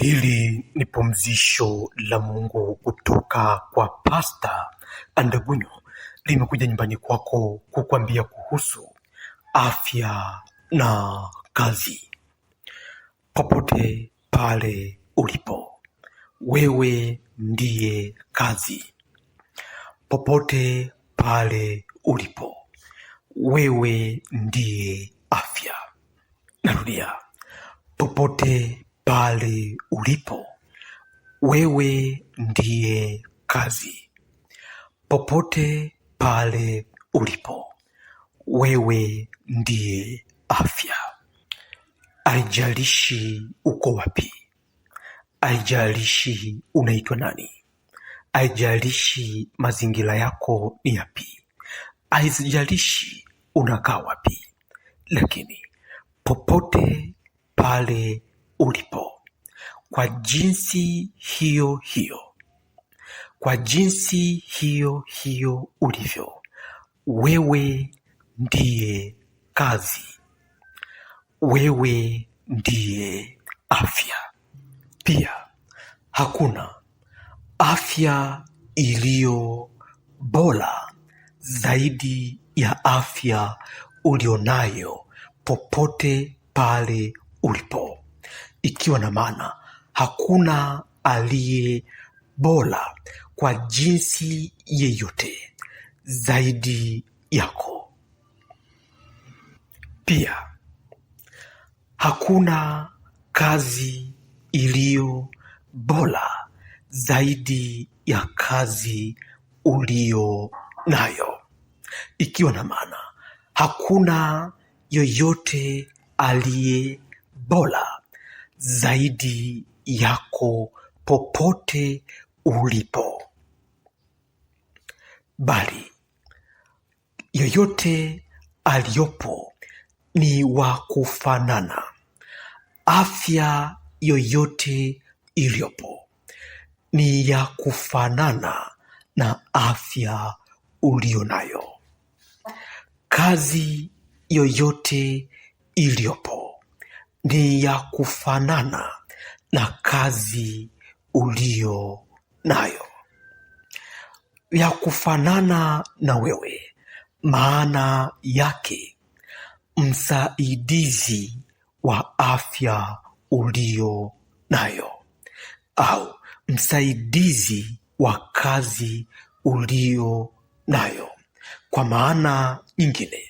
Hili ni pumzisho la Mungu kutoka kwa Pasta Andagunyo, limekuja nyumbani kwako kukuambia kuhusu afya na kazi. Popote pale ulipo, wewe ndiye kazi. Popote pale ulipo, wewe ndiye afya. Narudia, popote pale ulipo. Wewe ndiye kazi, popote pale ulipo. Wewe ndiye afya, aijalishi uko wapi, aijalishi unaitwa nani, aijalishi mazingira yako ni yapi, aijalishi unakaa wapi, lakini popote pale ulipo kwa jinsi hiyo hiyo, kwa jinsi hiyo hiyo ulivyo wewe, ndiye kazi, wewe ndiye afya. Pia hakuna afya iliyo bora zaidi ya afya ulionayo popote pale ulipo ikiwa na maana hakuna aliye bora kwa jinsi yeyote zaidi yako. Pia hakuna kazi iliyo bora zaidi ya kazi uliyo nayo, ikiwa na maana hakuna yoyote aliye bora zaidi yako popote ulipo, bali yoyote aliyopo ni wa kufanana. Afya yoyote iliyopo ni ya kufanana na afya uliyo nayo. Kazi yoyote iliyopo ni ya kufanana na kazi uliyo nayo, ya kufanana na wewe. Maana yake msaidizi wa afya uliyo nayo, au msaidizi wa kazi uliyo nayo. Kwa maana nyingine,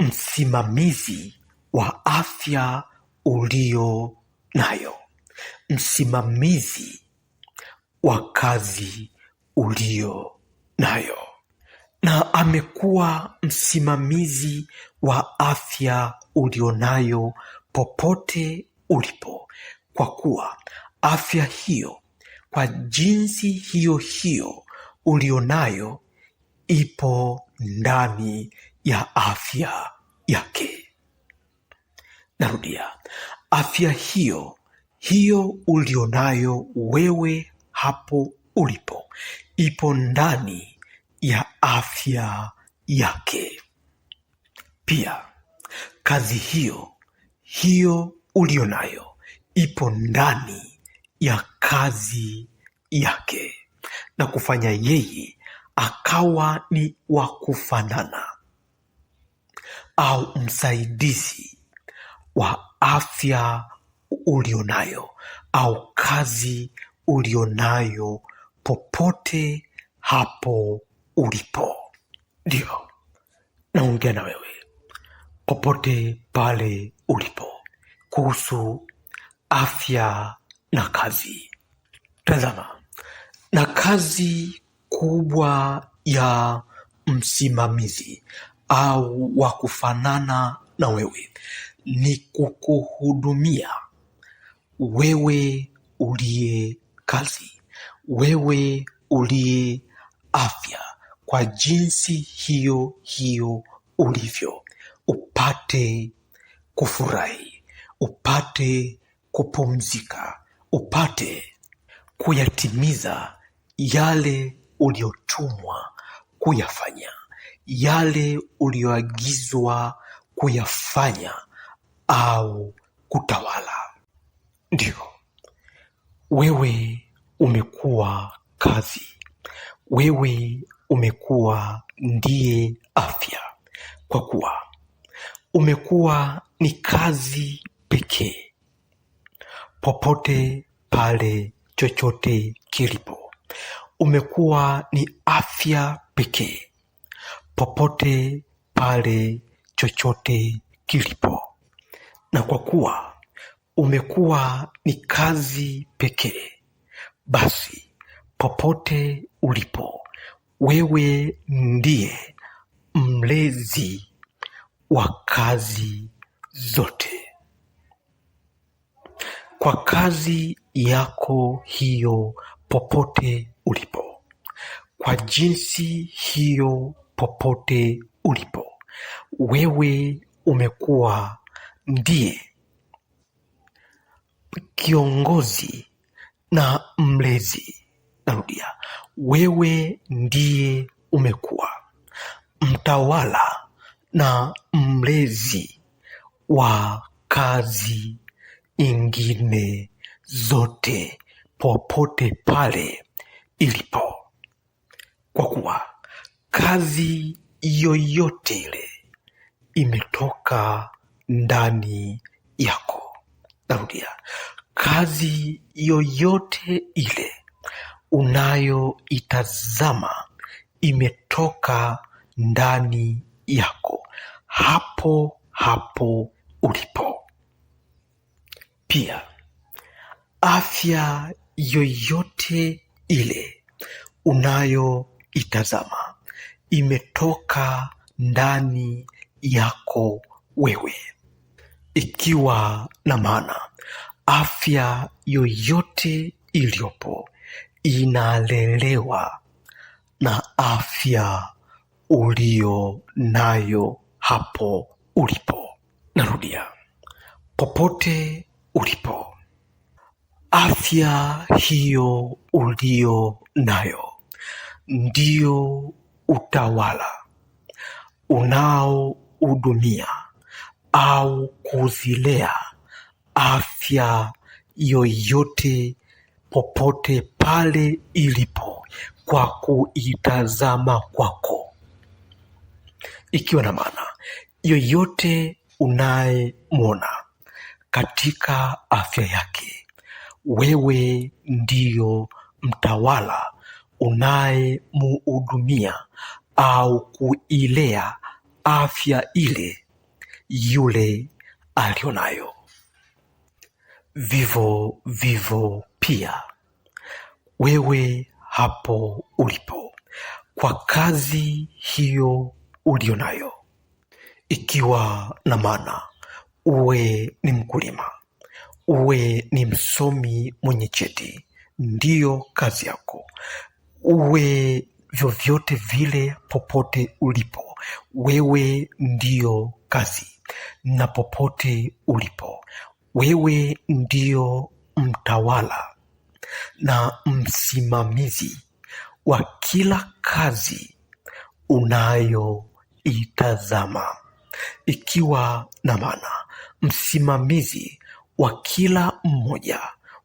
msimamizi wa afya ulio nayo, msimamizi wa kazi ulio nayo, na amekuwa msimamizi wa afya ulio nayo popote ulipo, kwa kuwa afya hiyo kwa jinsi hiyo hiyo ulio nayo ipo ndani ya afya yake. Narudia, afya hiyo hiyo ulionayo wewe hapo ulipo ipo ndani ya afya yake. Pia kazi hiyo hiyo ulionayo ipo ndani ya kazi yake na kufanya yeye akawa ni wa kufanana au msaidizi wa afya ulionayo au kazi ulionayo popote hapo ulipo. Ndio naongea na wewe popote pale ulipo kuhusu afya na kazi. Tazama, na kazi kubwa ya msimamizi au wa kufanana na wewe ni kukuhudumia wewe uliye kazi, wewe uliye afya, kwa jinsi hiyo hiyo ulivyo, upate kufurahi, upate kupumzika, upate kuyatimiza yale uliyotumwa kuyafanya, yale uliyoagizwa kuyafanya au kutawala. Ndio, wewe umekuwa kazi, wewe umekuwa ndiye afya, kwa kuwa umekuwa ni kazi pekee popote pale, chochote kilipo. Umekuwa ni afya pekee popote pale, chochote kilipo na kwa kuwa umekuwa ni kazi pekee, basi popote ulipo, wewe ndiye mlezi wa kazi zote. Kwa kazi yako hiyo, popote ulipo, kwa jinsi hiyo, popote ulipo, wewe umekuwa ndiye kiongozi na mlezi. Narudia, wewe ndiye umekuwa mtawala na mlezi wa kazi ingine zote popote pale ilipo, kwa kuwa kazi yoyote ile imetoka ndani yako. Narudia, kazi yoyote ile unayoitazama imetoka ndani yako, hapo hapo ulipo. Pia afya yoyote ile unayoitazama imetoka ndani yako wewe ikiwa na maana afya yoyote iliyopo inalelewa na afya ulio nayo hapo ulipo. Narudia, popote ulipo, afya hiyo ulio nayo ndio utawala unaohudumia au kuzilea afya yoyote popote pale ilipo kwa kuitazama kwako, ikiwa na maana yoyote unayemwona katika afya yake, wewe ndiyo mtawala unayemuhudumia au kuilea afya ile yule aliyo nayo vivo vivo pia wewe hapo ulipo, kwa kazi hiyo nayo ikiwa na maana uwe ni mkulima, uwe ni msomi mwenye cheti, ndiyo kazi yako, uwe vyovyote vile, popote ulipo, wewe ndiyo kazi na popote ulipo, wewe ndio mtawala na msimamizi wa kila kazi unayoitazama, ikiwa na maana msimamizi wa kila mmoja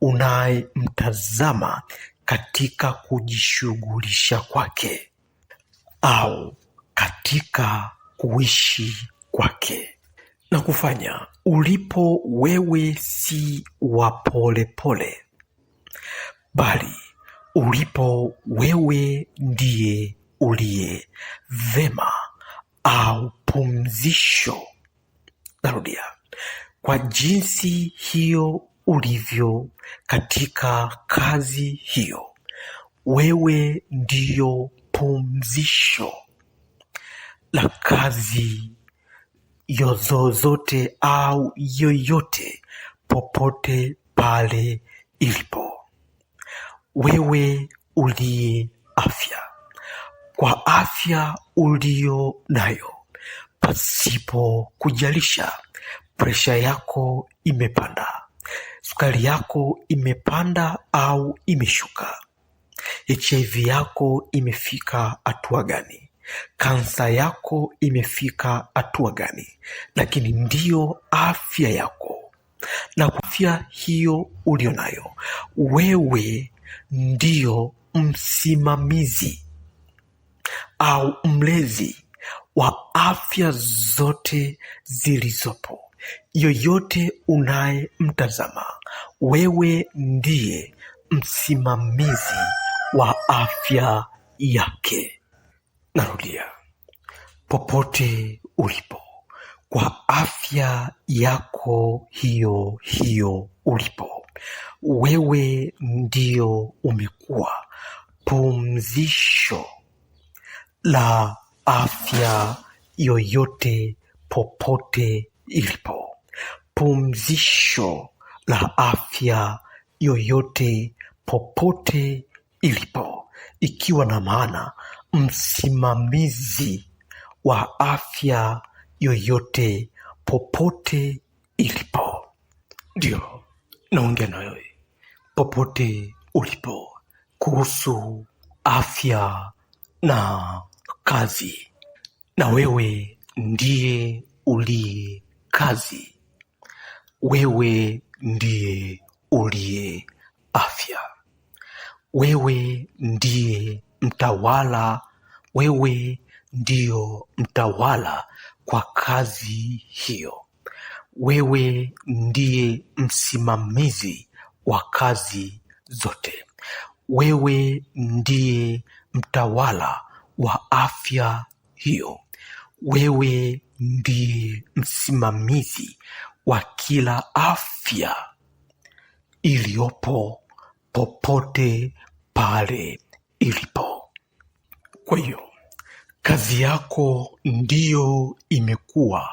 unayemtazama katika kujishughulisha kwake au katika kuishi kwake na kufanya ulipo wewe si wa polepole, bali ulipo wewe ndiye uliye vema au pumzisho. Narudia, kwa jinsi hiyo ulivyo katika kazi hiyo, wewe ndiyo pumzisho la kazi yozozote au yoyote popote pale ilipo. Wewe uliye afya, kwa afya uliyo nayo, pasipo kujalisha presha yako imepanda, sukari yako imepanda au imeshuka, HIV yako imefika hatua gani? kansa yako imefika hatua gani, lakini ndiyo afya yako na afya hiyo ulio nayo wewe ndiyo msimamizi au mlezi wa afya zote zilizopo. Yoyote unayemtazama wewe ndiye msimamizi wa afya yake narudia, popote ulipo, kwa afya yako hiyo hiyo ulipo, wewe ndio umekuwa pumzisho la afya yoyote popote ilipo, pumzisho la afya yoyote popote ilipo, ikiwa na maana msimamizi wa afya yoyote popote ilipo. Ndio naongea na wewe popote ulipo kuhusu afya na kazi, na wewe ndiye uliye kazi, wewe ndiye uliye afya, wewe ndiye mtawala, wewe ndio mtawala kwa kazi hiyo. Wewe ndiye msimamizi wa kazi zote. Wewe ndiye mtawala wa afya hiyo. Wewe ndiye msimamizi wa kila afya iliyopo popote pale ilipo. Kwa hiyo kazi yako ndiyo imekuwa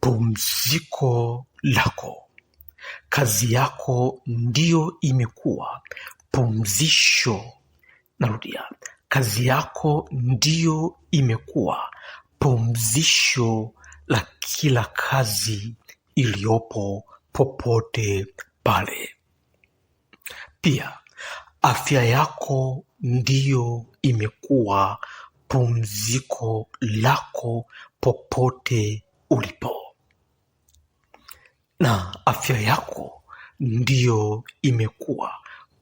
pumziko lako. Kazi yako ndiyo imekuwa pumzisho. Narudia, kazi yako ndiyo imekuwa pumzisho la kila kazi iliyopo popote pale. Pia Afya yako ndiyo imekuwa pumziko lako popote ulipo, na afya yako ndiyo imekuwa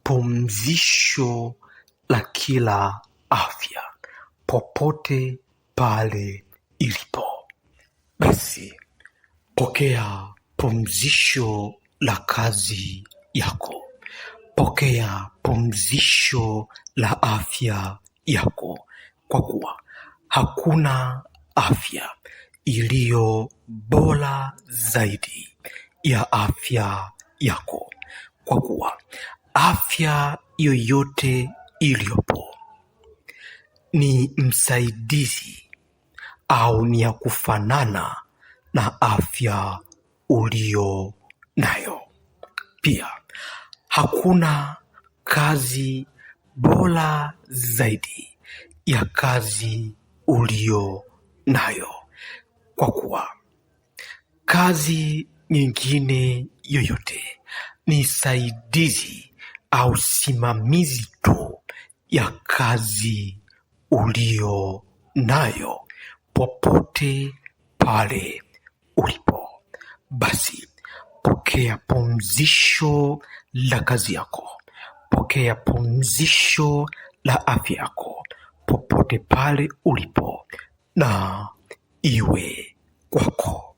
pumzisho la kila afya popote pale ilipo. Basi pokea pumzisho la kazi yako pokea pumzisho la afya yako, kwa kuwa hakuna afya iliyo bora zaidi ya afya yako, kwa kuwa afya yoyote iliyopo ni msaidizi au ni ya kufanana na afya uliyo nayo. Pia Hakuna kazi bora zaidi ya kazi uliyo nayo, kwa kuwa kazi nyingine yoyote ni saidizi au simamizi tu ya kazi uliyo nayo popote pale ulipo. Basi pokea pumzisho la kazi yako. Pokea pumzisho la afya yako popote pale ulipo, na iwe kwako.